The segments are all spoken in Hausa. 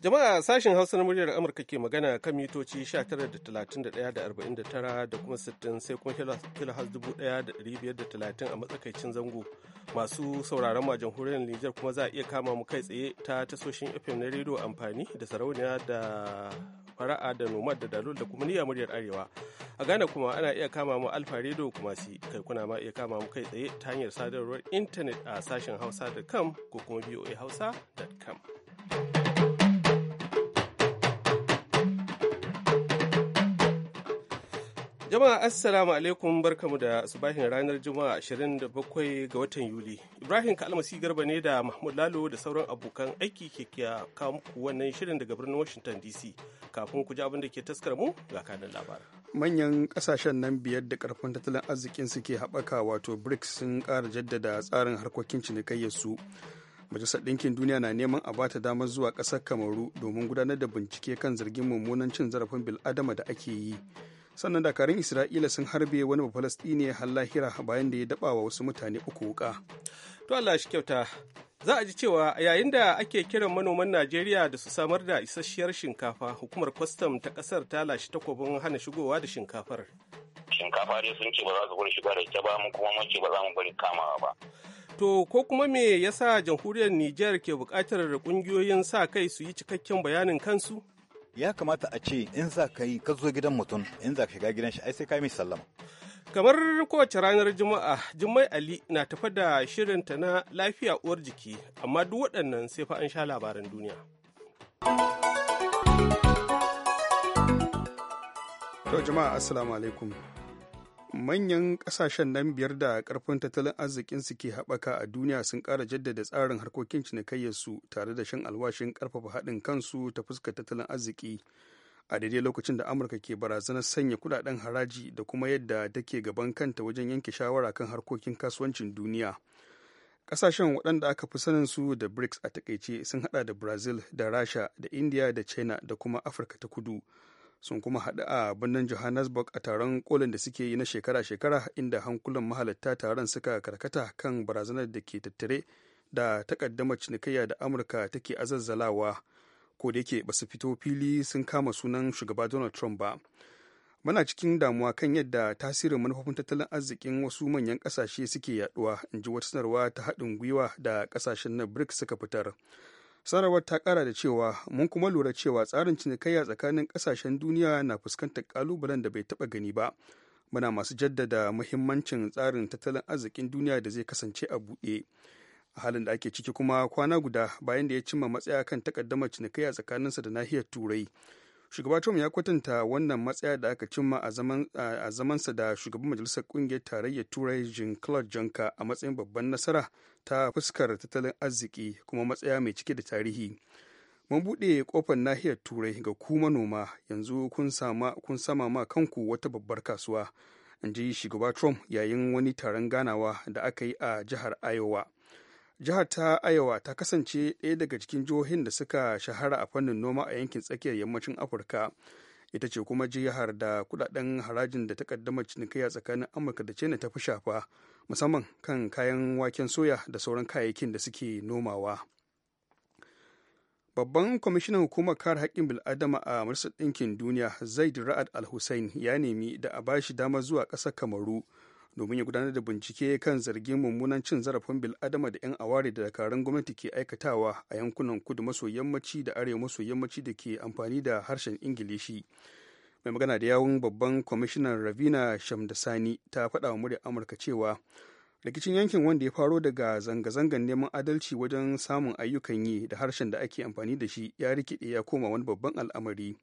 Jama'a sashen Hausa na muryar Amurka ke magana kan mitoci 19.31.49 da kuma 60 sai kuma kilohaz 1,530 a matsakaicin zango. Masu sauraron ma jamhuriyar Nijar kuma za a iya kama mu kai tsaye ta tasoshin FM na rediyo amfani da sarauniya da fara'a da nomad da dalol da kuma niyya muryar arewa. A Ghana kuma ana iya kama mu alfa rediyo kuma si kai kuna ma iya kama mu kai tsaye ta hanyar sadarwar intanet a sashen hausa.com ko kuma hausa.com Jama'a Assalamu alaikum barkamu da subahin ranar Juma'a 27 ga watan Yuli. Ibrahim Kalmasi Garba ne da Mahmud Lalo da sauran abokan aiki ke kawo wannan shirin daga birnin Washington DC. Kafin ku ji abin da ke taskar mu ga kanin labar. Manyan kasashen nan biyar da karfin tattalin arzikin suke haɓaka wato BRICS sun ƙara jaddada tsarin harkokin cinikayyar su. Majalisar Ɗinkin Duniya na neman a bata damar zuwa ƙasar Kamaru domin gudanar da bincike kan zargin mummunan cin zarafin bil'adama da ake yi. sannan dakarun isra'ila sun harbe wani falastini har lahira bayan da ya daba wa wasu mutane uku wuka to allah shi kyauta za a ji cewa yayin da ake kiran manoman najeriya da su samar da isasshiyar shinkafa hukumar kwastam ta kasar ta lashe takwabin hana shigowa da shinkafar shinkafa dai sun ce ba za su bari shiga da ita ba mu kuma mun ce ba za mu bari kamawa ba to ko kuma me yasa jamhuriyar niger ke bukatar ƙungiyoyin sa kai su yi cikakken bayanin kansu ya kamata a ce in za ka yi ka zo gidan mutum in za ka shiga gidan shi ai sai ka yi sallama kamar kowace ranar juma'a jummai ali na tafa da shirinta na lafiya uwar jiki amma duk waɗannan sai fa an sha labaran duniya to jama'a assalamu alaikum manyan kasashen nan biyar da karfin tattalin arzikinsu ke haɓaka a duniya sun ƙara jaddada tsarin harkokin cinikayyarsu tare da shan alwashin ƙarfafa haɗin kansu ta fuskar tattalin arziki a daidai lokacin da amurka ke barazanar sanya kudaden haraji da kuma yadda take gaban kanta wajen yanke shawara kan harkokin kasuwancin duniya kasashen waɗanda aka fi sanin su da brics a takaice sun haɗa da brazil da rasha da india da china da kuma afirka ta kudu sun kuma haɗu a birnin johannesburg a taron kolin da suke yi na shekara-shekara inda hankulan mahalatta taron suka karkata kan barazanar da ke tattare da takaddama cinikayya da amurka take azazzalawa ko da yake basu fito fili sun kama sunan shugaba donald trump ba muna cikin damuwa kan yadda tasirin manufofin tattalin arzikin wasu manyan kasashe suke yaduwa in ji wata sanarwa ta haɗin gwiwa da kasashen na brics suka fitar sanarwar ta kara da cewa mun kuma lura cewa tsarin cinikayya tsakanin kasashen duniya na fuskantar kalubalen da bai taba gani ba muna masu jaddada muhimmancin tsarin tattalin arzikin duniya da zai kasance a buɗe a halin da ake ciki kuma kwana guda bayan da ya cimma matsaya kan takaddamar cinikayya tsakaninsa da nahiyar turai shugaba trump ya kwatanta wannan matsaya da aka cimma a zamansa da shugaban majalisar kungiyar tarayyar turai jean claude juncker a matsayin babban nasara ta fuskar tattalin arziki kuma matsaya mai cike da tarihi mun buɗe kofar nahiyar turai ga ku manoma yanzu kun sama ma kanku wata babbar kasuwa in ji shugaba trump yayin wani taron ganawa da aka yi a jihar iowa jihar ta ayawa ta kasance ɗaya daga cikin jihohin da suka shahara a fannin noma a yankin tsakiyar yammacin Afirka. Ita ce kuma jihar da kudaden harajin da ta kaddama cinikayya tsakanin Amurka da China ta fi shafa, musamman kan kayan waken soya da sauran kayayyakin da suke nomawa. Babban kwamishinan hukumar kare haƙƙin bil'adama a Majalisar Ɗinkin Duniya, Zaid Ra'ad Al-Hussein ya nemi da a bashi damar zuwa ƙasar Kamaru domin ya gudanar da bincike kan zargin mummunan cin zarafin bil'adama da 'yan aware da dakarun gwamnati ke aikatawa a yankunan kudu maso yammaci da arewa maso yammaci da ke amfani da harshen ingilishi mai magana da yawun babban kwamishinan ravina shamdasani ta faɗa wa muryar amurka cewa rikicin yankin wanda ya faro daga zanga zangan neman adalci wajen samun ayyukan yi da harshen da ake amfani da shi ya rikide ya koma wani babban al'amari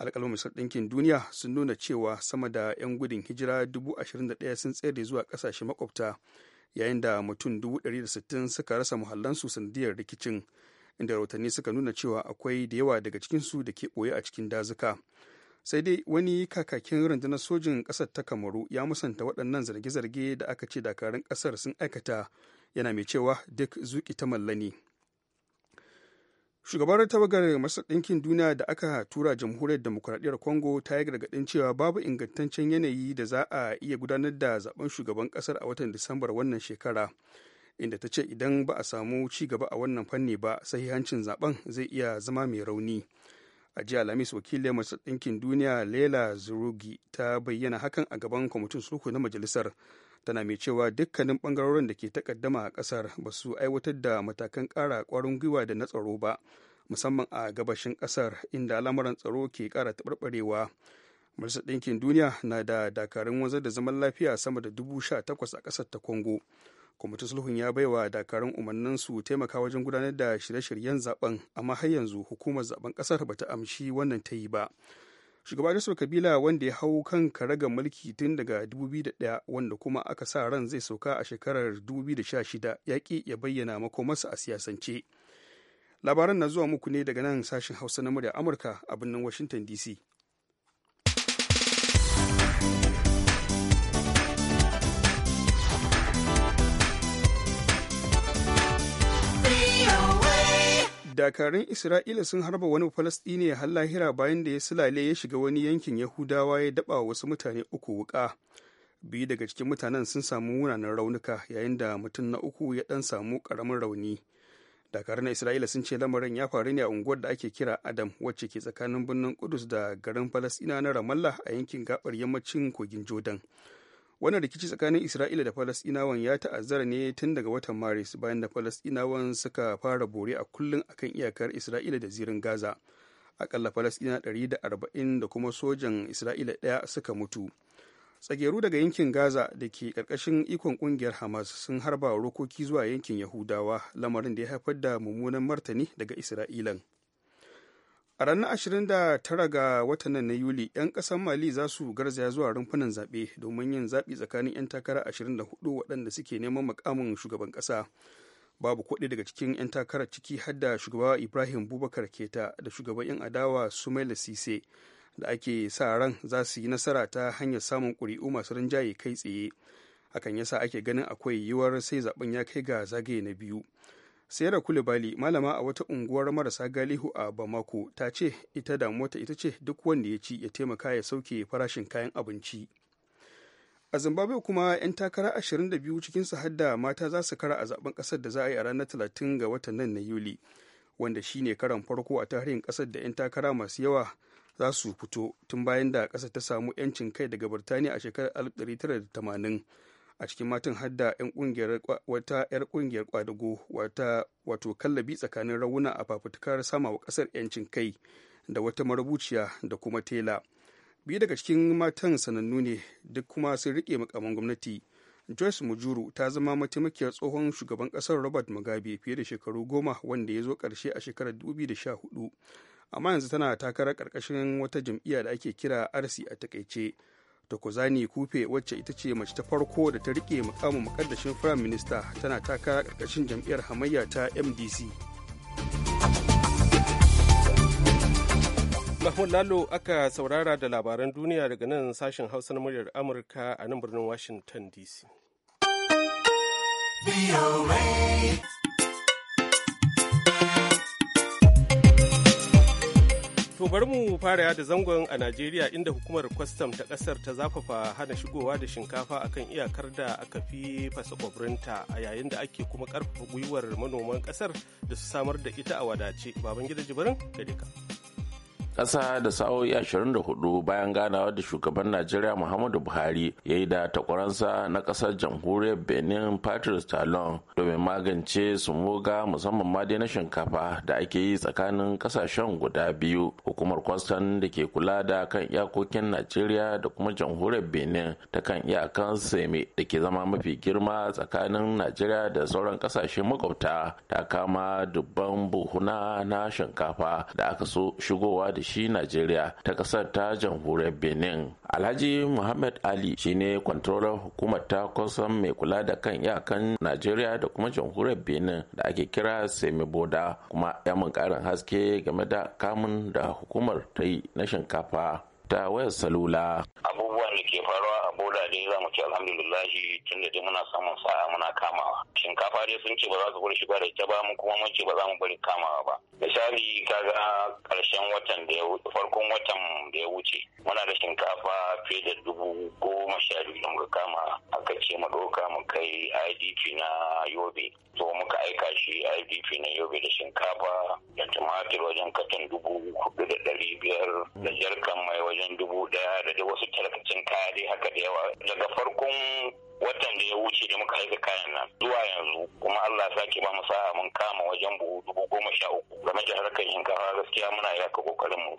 alƙalmin misal ɗinkin duniya sun nuna cewa sama da 'yan gudun hijira 21,000 sun tsere zuwa ƙasashe makwabta yayin da mutum 160 suka rasa muhallansu sanadiyar rikicin inda rahotanni suka nuna cewa akwai da yawa daga cikinsu da ke ɓoye a cikin dazuka sai dai wani kakakin rundunar sojin ƙasar ta kamaru ya musanta waɗannan zarge-zarge da aka ce dakarun ƙasar sun aikata yana mai cewa duk zuki ta mallani shugabar tawagar masar ɗinkin duniya da aka tura jamhuriyar demokuraɗiyyar congo ta yi gargaɗin cewa babu ingantaccen yanayi da za a iya gudanar da zaben shugaban ƙasar a watan disambar wannan shekara inda ta ce idan ba a samu ci gaba a wannan fanni ba sai hancin zaben zai iya zama mai rauni a jiya alhamis wakilin masar ɗinkin duniya lela zurugi ta bayyana hakan a gaban kwamitin sulhu na majalisar tana mai cewa dukkanin bangarorin da ke takaddama a kasar ba su aiwatar da matakan kara kwarin gwiwa da na tsaro ba musamman a gabashin kasar inda lamuran tsaro ke kara taɓarɓarewa majalisar ɗinkin duniya na da dakarun wanzar da zaman lafiya sama da dubu sha takwas a ƙasar ta kongo kwamitin sulhun ya baiwa dakarun umarnin su taimaka wajen gudanar da shirye-shiryen zaben amma har yanzu hukumar zaben ƙasar ta amshi wannan ta yi ba shugaba Nasiru Kabila wanda ya hau kan karaga mulki tun daga 2001 wanda kuma aka sa ran zai sauka a shekarar 2016 ya ki ya bayyana makomarsa a siyasance. Labaran na zuwa muku ne daga nan sashen Hausa na murya Amurka a birnin Washington DC. dakarun isra'ila sun harba wani falastini ya hira bayan da ya silale ya shiga wani yankin yahudawa ya daba wasu mutane uku wuka biyu daga cikin mutanen sun samu munanan raunuka yayin da mutum na uku ya dan samu karamin rauni dakarun isra'ila sun ce lamarin ya faru ne a unguwar da ake kira adam wacce ke tsakanin birnin kudus da garin falastina na ramallah a yankin gabar yammacin kogin jordan wannan rikici tsakanin isra'ila da falasɗinawan ya ta'azzara ne tun daga watan maris bayan da falasɗinawan suka fara bore a kullum akan iyakar isra'ila da zirin gaza akalla falasɗina 140 da kuma sojan isra'ila ɗaya suka mutu tsageru daga yankin gaza da ke ƙarƙashin ikon ƙungiyar hamas sun harba rokoki zuwa yankin yahudawa lamarin da ya haifar da mummunan martani daga isra'ilan a ranar 29 ga watan na yuli 'yan ƙasar mali za su garzaya zuwa rumfunan zaɓe domin yin zaɓi tsakanin 'yan takara 24 waɗanda suke neman makamin shugaban ƙasa babu kuɗi daga cikin 'yan takara ciki har da shugaba ibrahim bubakar keta da shugaban 'yan adawa sumaila sise da ake sa ran za su yi nasara ta hanyar samun ƙuri'u masu rinjaye kai tsaye hakan yasa ake ganin akwai yiwuwar sai zaɓen ya kai ga zagaye na biyu sayar kulibali malama a wata unguwar marasa galihu a bamako ta ce ita mota ita ce duk wanda ya ci ya taimaka ya sauke farashin kayan abinci a zimbabwe kuma 'yan takara 22 cikin su hadda mata za su kara a zaben kasar da za a yi a ranar 30 ga watan nan na yuli wanda shine karan farko a tarihin kasar da 'yan takara masu yawa za su fito tun bayan da kasar ta samu 'yancin kai daga birtaniya a shekarar 1980 a cikin matan hadda 'yan wata 'yar kungiyar kwadago wata wato kallabi tsakanin rawuna a fafutukar sama wa kasar 'yancin kai da wata marubuciya da kuma tela biyu daga cikin matan sanannu ne duk kuma sun rike makaman gwamnati joyce mujuru ta zama mataimakiyar tsohon shugaban kasar robert mugabe fiye da shekaru goma wanda ya zo karshe a shekarar 2014 amma yanzu tana takarar karkashin wata jam'iyya da ake kira arsi a takaice Tokozani Kufe wacce ita ce mace ta farko da ta riƙe mukamin mukaddashin Firayim Minista tana takara ƙarƙashin jam'iyyar hamayya ta MDC. Mahmud Lalo aka saurara da labaran duniya daga nan sashen Hausa na muryar Amurka a nan birnin Washington DC. To bari mu fara yada zangon a Najeriya inda hukumar kwastam ta kasar ta zafafa hana shigowa da shinkafa a kan iyakar da aka fi fasa kwabrinta a yayin da ake kuma karfafa gwiwar manoman kasar da su samar da ita a wadace. Babangida Jibirin, gare ka. ƙasa da sa'o'i 24 bayan ganawa da shugaban najeriya muhammadu buhari ya yi da takwaransa na ƙasar jamhuriyar benin patrice talon domin magance sumoga musamman ma dai na shinkafa da ake yi tsakanin kasashen guda biyu hukumar kwastan da ke kula da kan iyakokin najeriya da kuma jamhuriyar benin ta kan iyakan seme da ke zama mafi girma tsakanin najeriya da sauran ƙasashen makwabta ta kama dubban buhuna na shinkafa da aka so shigowa da shi Najeriya ta ƙasar ta jamhuriyar Benin. Alhaji Muhammad Ali shi ne kwantarolar hukumar ta kusan mai kula da kan iyakan Najeriya da kuma jamhuriyar Benin da ake kira Semiboda kuma ya mun ƙarin haske game da kamun da hukumar ta yi na shinkafa. ta wayar salula. Abubuwan da ke faruwa a boda dai za mu ci alhamdulillahi tun da dai muna samun sa'a muna kamawa. Shinkafa dai sun ce ba za su bari shiga da ita ba mu kuma mun ce ba za mu bari kamawa ba. Misali kaga karshen watan da ya wuce farkon watan da ya wuce muna da shinkafa fiye da dubu goma sha biyu da muka kama aka ce mu ɗauka mu kai IDP na Yobe. To muka aika shi IDP na Yobe da shinkafa da tumatir wajen katon dubu hudu da ɗari biyar da jarkan mai wajen wajen dubu daya da dai wasu tarkacin kaya haka da yawa daga farkon watan da ya wuce da muka aika kayan nan zuwa yanzu kuma Allah sake ba mu sa'a mun kama wajen buhu dubu goma sha uku game da harkar shinkafa gaskiya muna yaka kokarin mu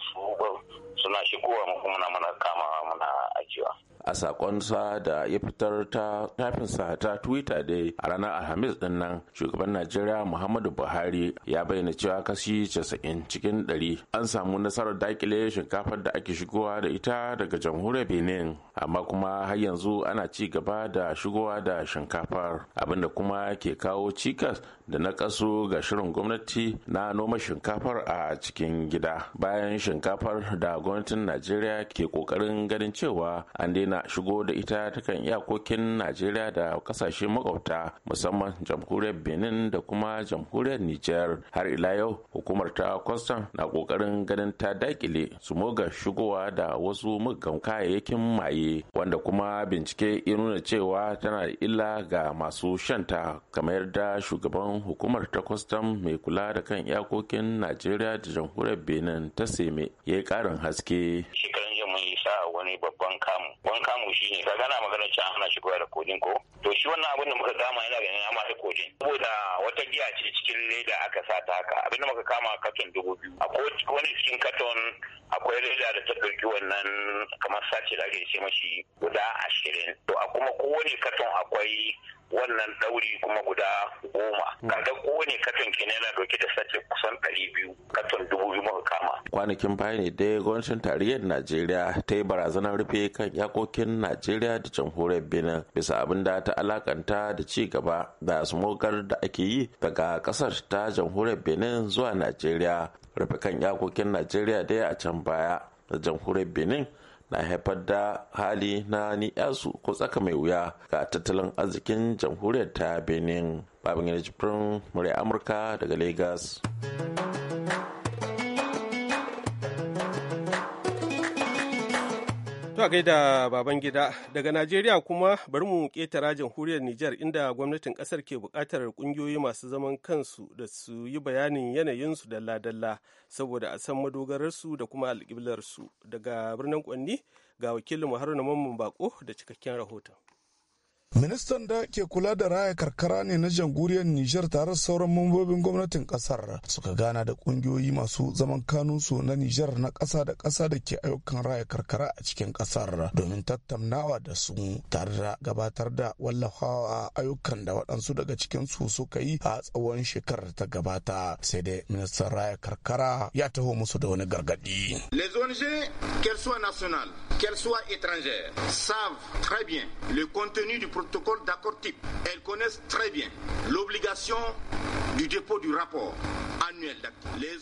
suna shigowa mu kuma muna kama muna ajiyewa a sakonsa da ya fitar ta sa ta twitter dai a ranar alhamis din nan shugaban najeriya muhammadu buhari ya bayyana cewa kashi 90 cikin 100 an samu nasarar dakile shinkafar da ake shigowa ficewa da ita daga jamhuriyar benin amma kuma har yanzu ana ci gaba da shigowa da shinkafar abinda kuma ke kawo cikas da na kaso ga shirin gwamnati na noma shinkafar a cikin gida bayan shinkafar da gwamnatin najeriya ke kokarin ganin cewa an daina shigo da ita ta kan iyakokin najeriya da kasashe makwabta musamman jamhuriyar benin da kuma jamhuriyar niger har ila yau hukumar ta kwastam na kokarin ganin ta dakile su moga shigowa da wasu muggan kayayyakin maye wanda kuma bincike ya nuna cewa tana da illa ga masu shanta kamar yadda shugaban hukumar ta kwastam mai kula da kan iyakokin najeriya da jamhuriyar benin ta seme ya yi karin haske wani babban kamu wani kamu shi ne ka gana magana can ana shigowa da kodin ko to shi wannan abin da muka kama yana ganin amma da kodin saboda wata giya ce cikin leda aka sa ta haka abin da muka kama katon dubu biyu ko wani cikin katon akwai leda da ta ɗauki wannan kamar sace da ake ce mashi guda ashirin to a kuma kowane katon akwai wannan ɗauri kuma guda goma hmm. kaga kowane katon kenan yana dauke da sace kusan ɗari biyu katon dubu biyu muka kama kwanakin baya ne dai gwamnatin tarayyar najeriya ta yi barazanar rufe kan yakokin najeriya da jamhuriyar benin bisa abin da ta alakanta da ci gaba da smogar da ake yi daga kasar ta jamhuriyar benin zuwa najeriya rufe kan yakokin najeriya dai a can baya da jamhuriyar benin na haifar da hali na ni'yasu ko tsaka mai wuya ga tattalin arzikin jamhuriyar ta benin babin yanzu murya amurka daga lagos To gaida baban gida daga Najeriya kuma bari mu ƙetara jamhuriyar Nijar inda gwamnatin ƙasar ke buƙatar ƙungiyoyi masu zaman kansu da su yi bayanin yanayinsu dalla-dalla saboda a san madogararsu da kuma alƙiblarsu daga birnin Kwanni ga wakilin Haruna Mamman Bako da cikakken rahoton. Ministan da ke kula da raya karkara ne na jamhuriyar Nijar tare da sauran mambobin gwamnatin kasar suka gana da kungiyoyi masu zaman kanunsu na Nijar na ƙasa da ƙasa da ke ayyukan raya karkara a cikin ƙasar domin tattaunawa da su tare da gabatar da wallafawa ayyukan da waɗansu daga cikin su suka yi a tsawon shekarar ta gabata sai dai ministan raya karkara ya taho musu da wani gargaɗi. Les ONG, qu'elles soient nationales, qu'elles soient étrangères, savent très bien le contenu du protocole d'accord type. Elles connaissent très bien l'obligation du dépôt du rapport,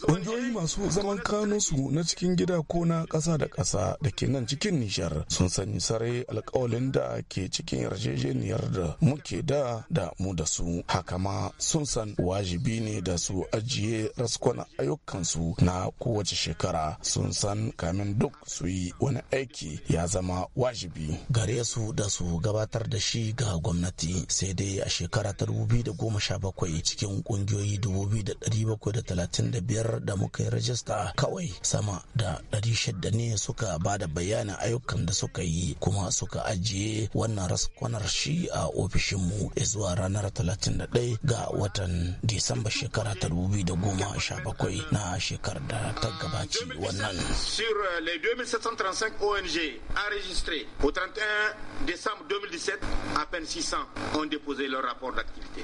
Ƙungiyoyi masu zaman kanunsu na cikin gida ko na ƙasa da ƙasa da ke nan cikin Nijar sun sani sare alƙawalin da ke cikin yarjejeniyar da muke da da mu da su. Haka ma sun san wajibi ne da su ajiye raskwana ayyukansu na kowace shekara sun san kamin duk su yi wani aiki ya zama wajibi. Gare su da su gabatar da shi ga gwamnati sai dai a shekara ta 2017 cikin ƙungiyoyi 2700 35 da muka yi rajista kawai sama da 600 ne suka ba da bayanin ayyukan da suka yi kuma suka ajiye wannan raskwanar shi a ofishinmu zuwa ranar 31 ga watan disamba shekara ta 2017 na shekarar da ta gabaci wannan sur les 2735 ONG au 31 décembre 2017 à peine 600 ont déposé leur rapport d'activité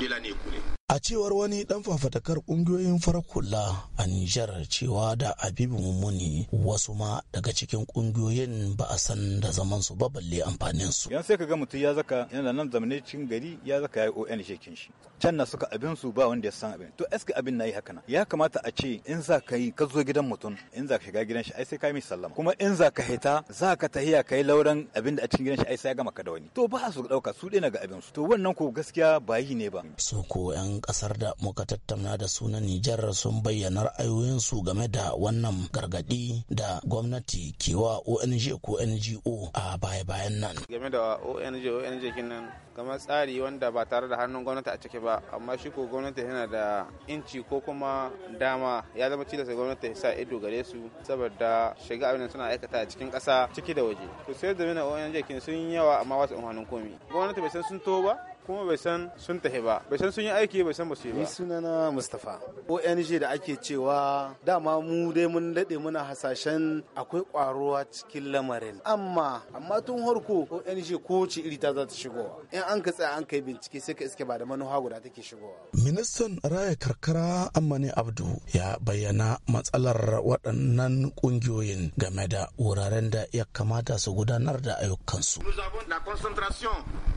de l'année écoulée A cewar wani dan fafatakar kungiyoyin farar hula a Nijar cewa da Abibu Mummuni wasu ma daga cikin kungiyoyin ba a san da zaman su ba balle amfanin su. Yan sai ka ga mutum ya zaka yana nan zamanin cikin gari ya zaka yayi ON shekin shi. Can na suka abin su ba wanda ya san abin. To eske abin nayi haka na. Ya kamata a ce in za ka yi ka zo gidan mutum in za ka shiga gidan shi ai sai ka yi sallama. Kuma in za ka hita za ka tahiya kai lauran abin da a cikin gidan shi ai sai ya gama ka da wani. To ba su dauka su dai na ga abin su. To wannan ko gaskiya ba yi ne ba. Su ko yan 'yan kasar da muka tattauna da sunan Nijar sun bayyana ra'ayoyinsu game da wannan gargadi da gwamnati ke wa ONG ko NGO a baya-bayan nan. Game da ONG ONG kinan game tsari wanda ba tare da hannun gwamnati a ciki ba amma shi ko gwamnati yana da inci ko kuma dama ya zama tilasta gwamnati sa ido gare su saboda shiga abin suna aikata a cikin kasa ciki da waje. Ku sai da ONG kin sun yawa amma wasu hannun komi. Gwamnati bai san sun to ba kuma bai san sun tafi ba bai san sun yi aiki bai san ba su yi ba ni sunana mustafa ong da ake cewa dama mu dai mun dade muna hasashen akwai kwaruwa cikin lamarin amma amma tun harko ong ko ce iri ta za ta shigowa in an ka tsaya an kai bincike sai ka iske ba da manuha guda take shigowa ministan raya karkara Amani abdu ya bayyana matsalar waɗannan ƙungiyoyin game da wuraren da ya kamata su gudanar da ayyukansu. Nous avons la concentration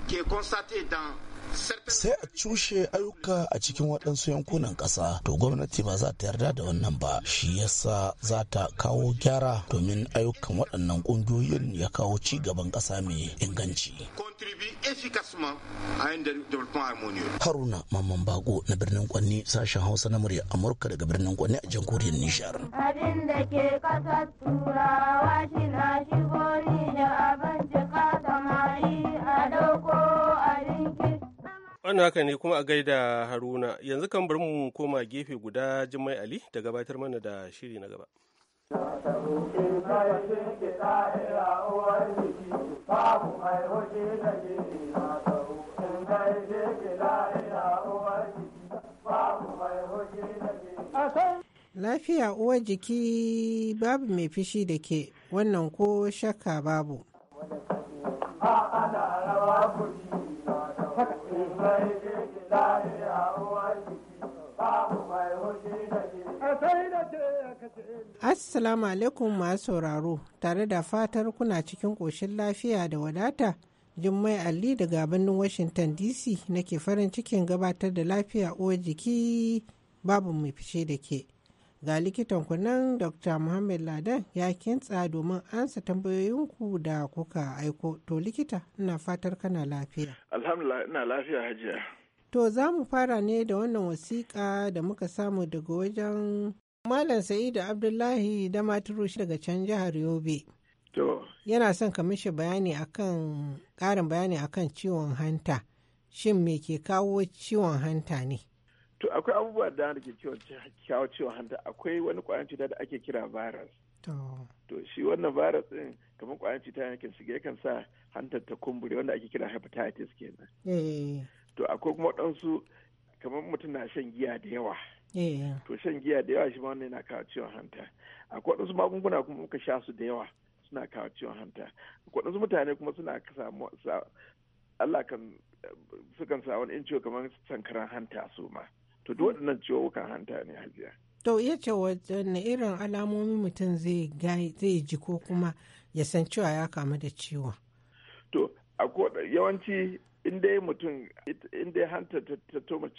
qui est constatée sai a cushe ayyuka a cikin waɗansu yankunan ƙasa to gwamnati ba za ta yarda da wannan ba shi yasa za ta kawo gyara domin ayyukan waɗannan ƙungiyoyin ya kawo ci gaban ƙasa mai inganci haruna mamman bago na birnin kwanni sashen hausa na murya amurka daga birnin kwanni a jamhuriyar nishar abin da ke ƙasar turawa shi na shi Wannan haka ne kuma a gaida Haruna. Yanzu kan bari mu koma gefe guda jimai Ali da gabatar mana da shiri na gaba. Lafiya uwar jiki babu mai fishi da ke wannan ko shakka babu. Assalamu alaikum masu sauraro tare da fatar kuna cikin ƙoshin lafiya da wadata Jummai Ali daga birnin Washington DC nake farin cikin gabatar da lafiya uwar jiki babu mai fice da ke. ga likitan ku nan dr muhammad ladan ya kintsa domin ansa tambayoyinku da kuka aiko to likita ina fatar kana lafiya alhamdulillah ina lafiya hajiya to za mu fara ne da wannan wasiƙa da muka samu daga wajen malam sa'idu abdullahi da maturushi daga can jihar yobe to yana son ka mishi bayani akan ƙarin bayani akan ciwon hanta shin me ke kawo ciwon hanta ne to akwai abubuwa da da ke kyawo ciwon hanta akwai wani kwayan cuta da ake kira virus to shi wannan virus din kamar kwayan cuta ne kan shiga yakan sa hantar ta kumbure wanda ake kira hepatitis kenan eh. to akwai kuma waɗansu kamar mutum na shan giya da yawa eh. to shan giya da yawa shi ma wannan yana kawo ciwon hanta akwai waɗansu magunguna kuma muka sha su da yawa suna kawo ciwon hanta akwai waɗansu mutane kuma suna samu Allah kan eh, sukan sa wani ciwo kamar sankaran hanta su ma to duk waɗannan wukan hanta ne hajiya to iya ce wadanne irin alamomi mutum zai ji ko kuma ya san cewa ya kamu da ciwon to yawanci inda ya mutum inda hanta ta toma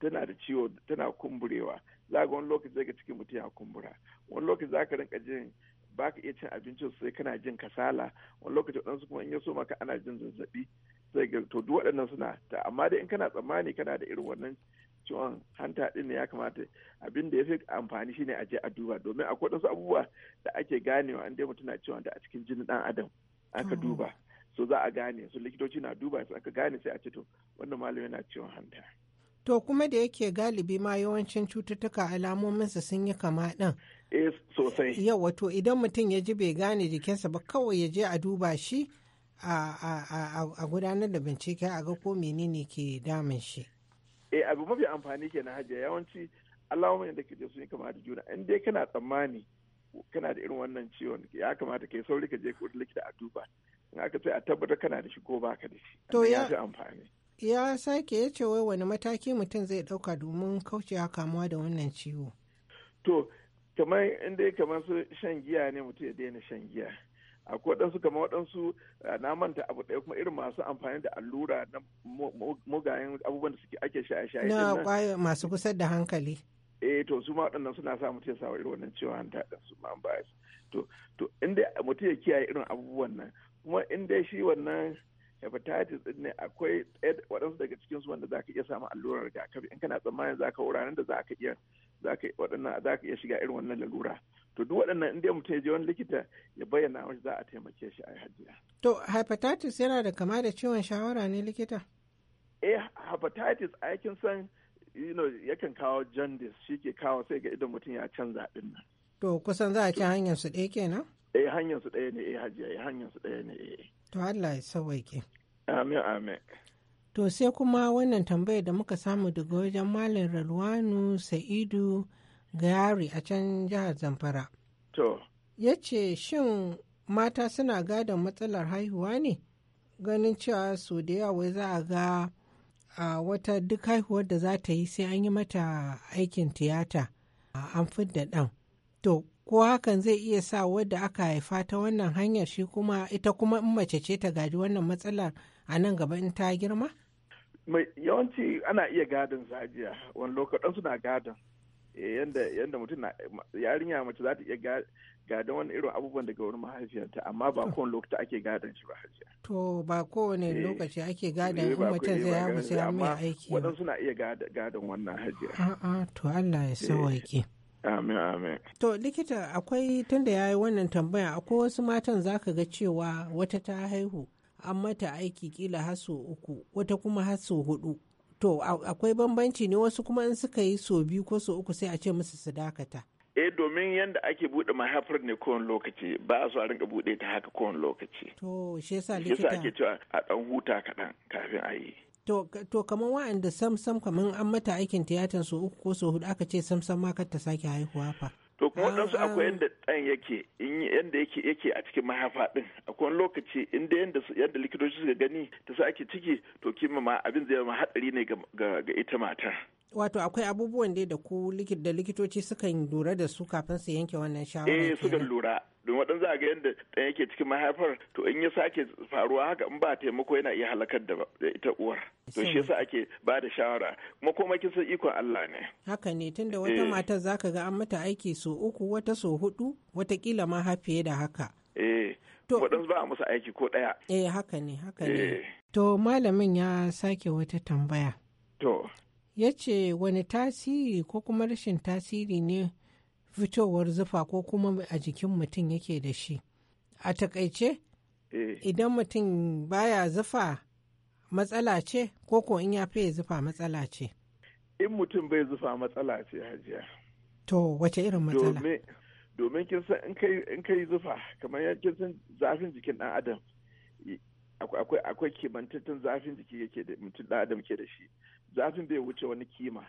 tana da ciwo tana kumburewa za ga wani lokaci zai cikin mutum ya kumbura wani lokaci za ka rinka jin ba ka iya cin abinci sai kana jin kasala wani lokaci waɗansu kuma in ya so maka ana jin zazzaɓi sai ga to duk waɗannan suna ta amma dai in kana tsammani kana da irin wannan ciwon hanta din ne ya kamata abin da ya fi amfani shine a je a duba domin akwai wasu abubuwa da ake ganewa an dai mutum na ciwon da a cikin jinin dan adam aka mm. duba so za a gane su likitoci na duba su aka gane sai a ce to wannan malami yana ciwon hanta to kuma da yake galibi ma yawancin cututtuka alamominsa sun yi kama din eh sosai yawa to idan mutum ya ji bai gane jikinsa ba kawai ya je a duba shi a gudanar da bincike a ga ko menene ke damun shi eh abu mafi amfani ke na hajiya yawanci alamomin da ke sun yi kama da juna in dai kana tsammani kana da irin wannan ciwon ya kamata ka yi sauri ka je ka likita a duba in aka sai a tabbatar kana da shi ko baka da shi to ya fi amfani ya sake ya ce wai wani mataki mutum zai dauka domin kaucewa kamuwa da wannan ciwo to kamar in dai kamar su shan giya ne mutum ya daina shan giya akwai waɗansu kamar waɗansu eh, na manta abu ɗaya kuma irin masu amfani da allura na mugayen abubuwan da suke ake shaye-shaye na kwaye masu kusa da hankali eh to su ma waɗannan suna sa mutum ya sawa irin wannan cewa hanta ɗin su ma bias to to inda mutum ya kiyaye irin abubuwan nan kuma in dai shi wannan hepatitis ɗin ne akwai waɗansu daga cikin su wanda zaka iya samu allurar rigakafi in kana tsammanin zaka wuraren da zaka iya zaka waɗannan zaka iya shiga irin wannan lalura to duk waɗannan inda mutum ya je wani likita ya bayyana mashi za a taimake shi a hajiya. to hepatitis yana da kama da ciwon shawara ne likita eh hepatitis a yakin san you know, yakan kawo jaundice shi ke kawo sai ga idan mutum ya canza din nan to kusan za a ci hanyar su ɗaya kenan eh hanyar su ɗaya ne eh hajiya eh hanyar su ɗaya ne eh to Allah ya sauwaƙe amin amin to sai kuma wannan tambayar da muka samu daga wajen malam Ralwanu Sa'idu gayari a can jihar zamfara to ya ce shin mata suna gadon matsalar haihuwa ne ganin cewa su da yawa za a ga a wata duk haihuwar da za ta yi sai an yi mata aikin tiyata an fidda ɗan to ko hakan zai iya sa wadda aka haifa ta wannan hanyar shi kuma ita kuma in mace ce ta gaji wannan matsalar a nan gaba in ta girma? yawanci ana iya gadon zajiya wani lokacin suna gadon Eh, yanda mutum na yarinya mace za ta iya gadon wani irin abubuwan daga wurin mahaifiyarta amma ba kowane lokaci ake gadon shi ba hajiya. To ba kowane eh. lokaci ake gadon eh, in mace zai hagu sai an mai aiki. Waɗansu suna iya gadon wannan hajiya. A'a to Allah ya sawaike. Amin amin. To likita akwai tunda ya yi wannan tambaya akwai wasu matan za ka ga cewa wata ta haihu an mata aiki kila hasu uku wata kuma hasu hudu to akwai bambanci ne wasu kuma in suka yi so biyu ko so uku sai a ce musu su dakata eh domin yadda ake buɗe mahaifar ne kowan lokaci ba a so a rinka buɗe ta haka kowan lokaci to shi yasa likita shi ake cewa a ɗan huta kaɗan kafin a yi to to kamar wa'anda sam sam kamar an mata aikin tiyatan so uku ko so hudu aka ce sam sam ma kar ta sake haihuwa fa to kuma su akwai yadda dan yake yadda yake a cikin mahaifa ɗin akwai wani lokaci in da yadda likitoci suka gani ta sa ake ciki to kima ma abin zai ma hadari ne ga ita mata. wato akwai abubuwan dai da ku da likitoci sukan lura da su kafin su yanke wannan shawara eh sukan lura don wadan za a ga yadda ɗan yake cikin mahaifar to in ya sake faruwa haka in ba taimako yana iya halakar da ita uwar to shi yasa ake ba da shawara kuma komai kin san ikon Allah ne haka ne tunda wata eh. matar zaka ga an mata aiki so uku wata so hudu watakila ma da haka eh to ba a musu aiki ko ɗaya eh haka ne haka ne eh. to malamin ya sake wata tambaya ya ce wani tasiri ko kuma rashin tasiri ne fitowar zufa ko kuma a jikin mutum yake da shi a takaice eh. idan mutum baya zufa matsala ce ko ko in ya fiye zufa matsala ce in mutum bai zufa matsala ce hajiya to wace irin matsala domin kin san in kai zufa kamar kin san zafin jikin dan adam akwai kimantattun zafin jiki yake da mutum da adam ke da shi zafin bai wuce wani kima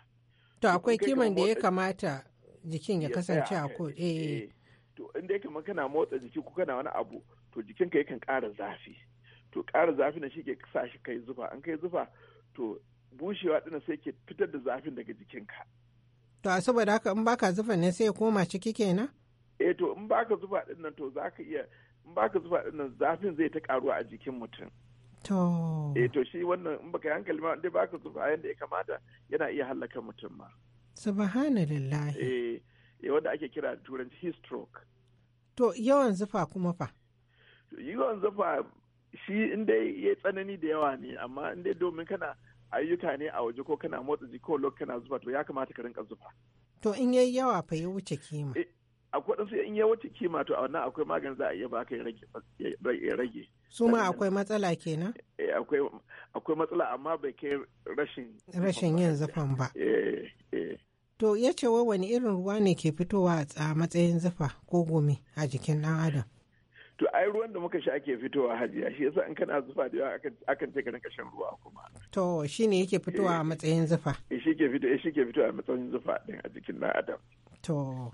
to akwai kiman da ya kamata jikin ya kasance a ko eh, eh. eh to inda yake kana motsa jiki ko kana wani abu to jikinka yakan ƙara zafi to ƙara zafi na shi ke sa shi kai zufa an kai zufa to bushewa ɗin sai ke fitar da zafin daga jikinka to a saboda haka in baka zufa ne sai ya koma ciki kenan eh to in baka zufa dinnan to zaka iya in baka zufa dinnan zafin zai ta ƙaruwa a jikin mutum To. Eh to shi wannan in baka hankali ma inda baka zuba yanda ya kamata yana iya hallaka mutum ma. Subhanallah. Eh, eh wanda ake kira da turanci heat stroke. To yawan zufa kuma fa? Yawan zufa shi inda ya tsanani da yawa ne amma inda domin kana ayyuka ne a waje ko kana motsa jiki ko lokacin kana zufa to ya kamata ka rinka zufa. To in yayi yawa fa ya wuce kima. Eh, akwai ɗansu in ya wuce kima to a wannan akwai magani za a iya baka ya rage. su ma akwai matsala kenan eh, akwai matsala amma bai kai rashin rashin yin zafan ba eh, eh. to ya ce wa wani irin ruwa ne ke fitowa a matsayin zafa ko gumi a jikin ɗan adam to ai ruwan da muka sha ake fitowa hajiya shi yasa in kana zufa da yawa akan ce ka rinka shan ruwa kuma to shine yake fitowa a matsayin zufa shi ke fitowa shi a matsayin zufa din a jikin dan adam to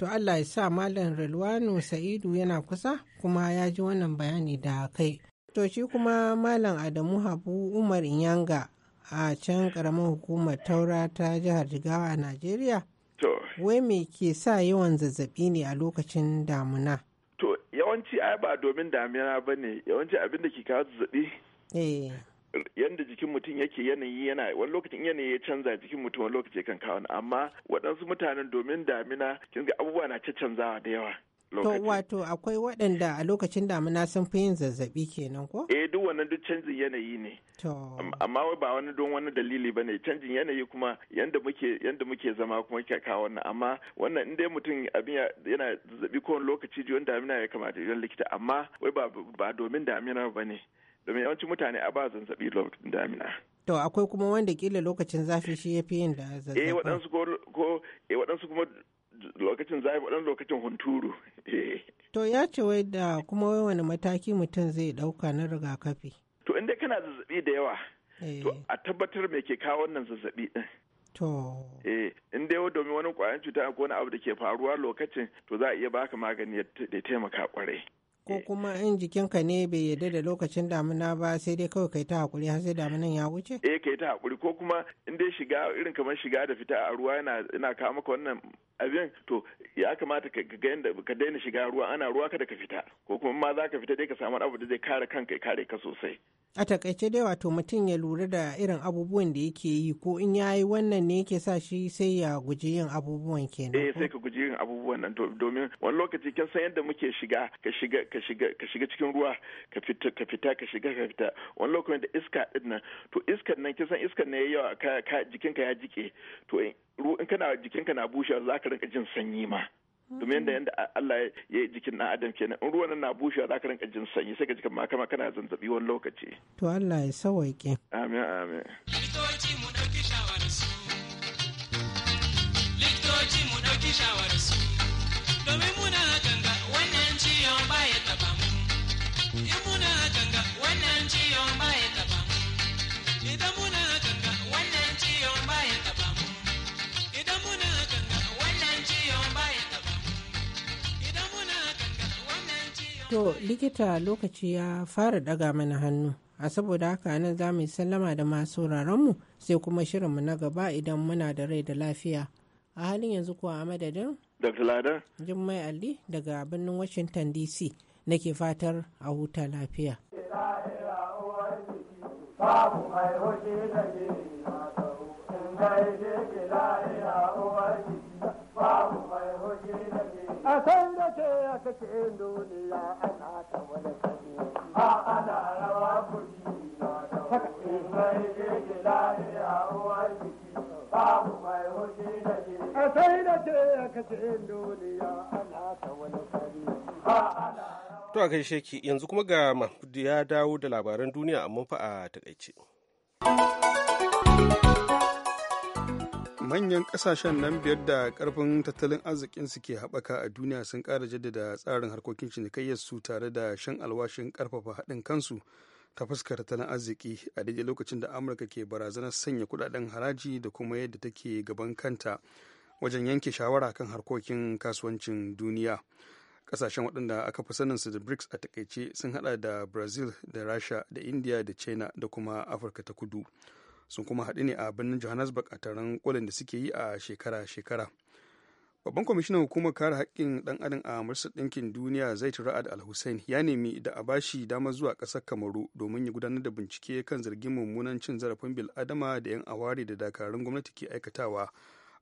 To Allah ya sa Malam Rilwanu Sa'idu yana kusa kuma ya ji wannan bayani da kai. To shi kuma Malam Adamu Habu Umar Inyanga a can ƙaramin hukumar taura ta jihar Jigawa a Najeriya. To. Wai me ke sa yawan zazzabi ne a lokacin damuna? To yawanci ai ba domin damina ba ne yawanci abin da ke kawo zazzabi. Eh. yanda jikin mutum yake yanayi yana wani lokacin yanayi ya canza jikin mutum wani lokaci kan kawo amma waɗansu mutanen domin damina kin ga abubuwa na canzawa da yawa To wato akwai waɗanda a lokacin damina sun fi yin zazzabi kenan ko? Eh duk wannan duk canjin yanayi ne. To. Amma wai ba wani don wani dalili ba ne canjin yanayi kuma yanda muke yanda muke zama kuma ke kawo wannan amma wannan in dai mutum abin yana zazzabi wani lokaci jiyon damina ya kamata jiyon likita amma wai ba domin damina ba ne. domin yawancin mutane a ba zazzabi lokacin damina to akwai kuma wanda kila lokacin zafi shi ya fi yin da zazzabi eh waɗansu ko eh waɗansu kuma lokacin zafi waɗansu lokacin hunturu eh. to ya ce wai da kuma wai wani mataki mutum zai ɗauka na rigakafi to inda kana zazzabi da yawa eh. to a tabbatar me ke kawo wannan zazzabi din To. Eh, in dai domin wani ƙwayan cuta ko wani abu da ke faruwa lokacin to za a iya baka magani da taimaka ƙwarai. ko eh. kuma in jikinka ne bai yarda da lokacin damina ba sai dai kawai kai ta hakuri har sai daminan ya wuce eh kai ta hakuri ko kuma in dai shiga irin kamar shiga da fita a ruwa yana ina kawo maka wannan abin to ya kamata ka ga yanda ka daina shiga ruwa ana ruwa kada ka fita ko kuma ma za ka fita dai ka samu abu da zai kare kanka ya kare ka sosai a takaice dai wato mutum ya lura da irin abubuwan da yake yi ko in ya yi wannan ne yake sa shi sai ya guji yin abubuwan kenan eh sai ka guji yin abubuwan nan domin wani lokaci kin san yadda muke shiga ka shiga ka shiga ka shiga cikin ruwa ka fita ka fita ka shiga ka fita wani lokacin da iska din nan to iskar nan kin san iskar ne yawa ka jikinka ya jike to in kana jikinka na bushewa za ka rinka jin sanyi ma domin yadda yadda Allah ya yi jikin ɗan adam kenan in ruwan na bushewa za ka rinka jin sanyi sai ka jikin ma kama kana zanzabi wani lokaci. To Allah ya sawaike. Amin amin. Likitoci mu ɗauki shawararsu. Likitoci mu ɗauki shawararsu. To likita lokaci ya fara daga mana hannu. A saboda haka nan za mu yi sallama da masu mu sai kuma shirinmu na gaba idan muna da rai da lafiya. A halin yanzu kuwa a madadin? Dr. Lada. Jummai Ali daga birnin Washington DC nake fatar a huta lafiya. Babu mai hoji da ke babu mai hoji da a san da ce a kake duniya ana ta wani kare a ana rawa kuri na da wani mai ke lafiya uwar jiki babu mai hoji da ke a san da ce a kake duniya ana ta wani kare a ana To a gaishe ki yanzu kuma ga Mahmud ya dawo da labaran duniya amma fa a takaice. manyan kasashen nan biyar da karfin tattalin arzikinsu ke haɓaka a duniya sun kara jaddada tsarin harkokin cinikayyar su tare da shan alwashin karfafa haɗin kansu ta fuskar tattalin arziki a daidai lokacin da amurka ke barazanar sanya kudaden haraji da kuma yadda take gaban kanta wajen yanke shawara kan harkokin kasuwancin duniya kasashen waɗanda aka fi sanin su da brics a takaice sun hada da brazil da rasha da india da china da kuma afirka ta kudu sun kuma haɗu ne a birnin johannesburg a taron kolin da suke yi a shekara-shekara babban kwamishinan hukumar kare haƙƙin ɗan adam a majalisar ɗinkin duniya zaitun ra'ad al-hussein ya nemi da a bashi damar zuwa ƙasar kamaru domin ya gudanar da bincike kan zargin mummunan cin zarafin bil'adama da 'yan aware da dakarun gwamnati ke aikatawa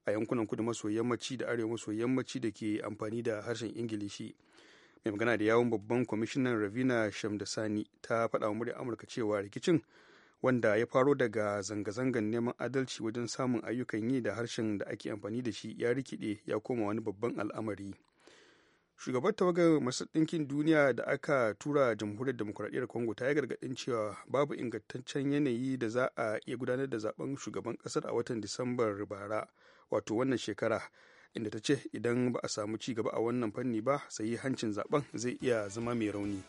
a yankunan kudu maso yammaci da arewa maso yammaci da ke amfani da harshen ingilishi mai magana da yawon babban kwamishinan ravina shamdasani ta faɗa wa murya amurka cewa rikicin wanda ya faro daga zanga zangan neman adalci wajen samun ayyukan yi da harshen da ake amfani da shi ya rikide ya koma wani babban al'amari shugabar tawagar masu ɗinkin duniya da aka tura jamhuriyar demokuraɗiyyar congo ta yi gargaɗin cewa babu ingantaccen yanayi da za a iya gudanar da zaben shugaban ƙasar a watan disambar bara wato wannan shekara inda ta ce idan ba a samu ci gaba a wannan fanni ba sai hancin zaben zai iya zama mai rauni.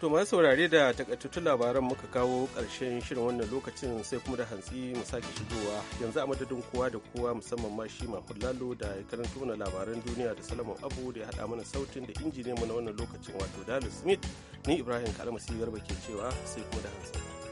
To masu saurare da takaitattun labaran muka kawo ƙarshen shirin wannan lokacin sai kuma da hantsi mu sake shigowa yanzu a madadin kowa da kowa musamman ma shi ma Lalo da ya karanto mana labaran duniya da Salamun Abu da ya haɗa mana sautin da injiniyan mu na wannan lokacin wato dalil Smith ni Ibrahim kalamasi Garba ke cewa sai kuma da hantsi.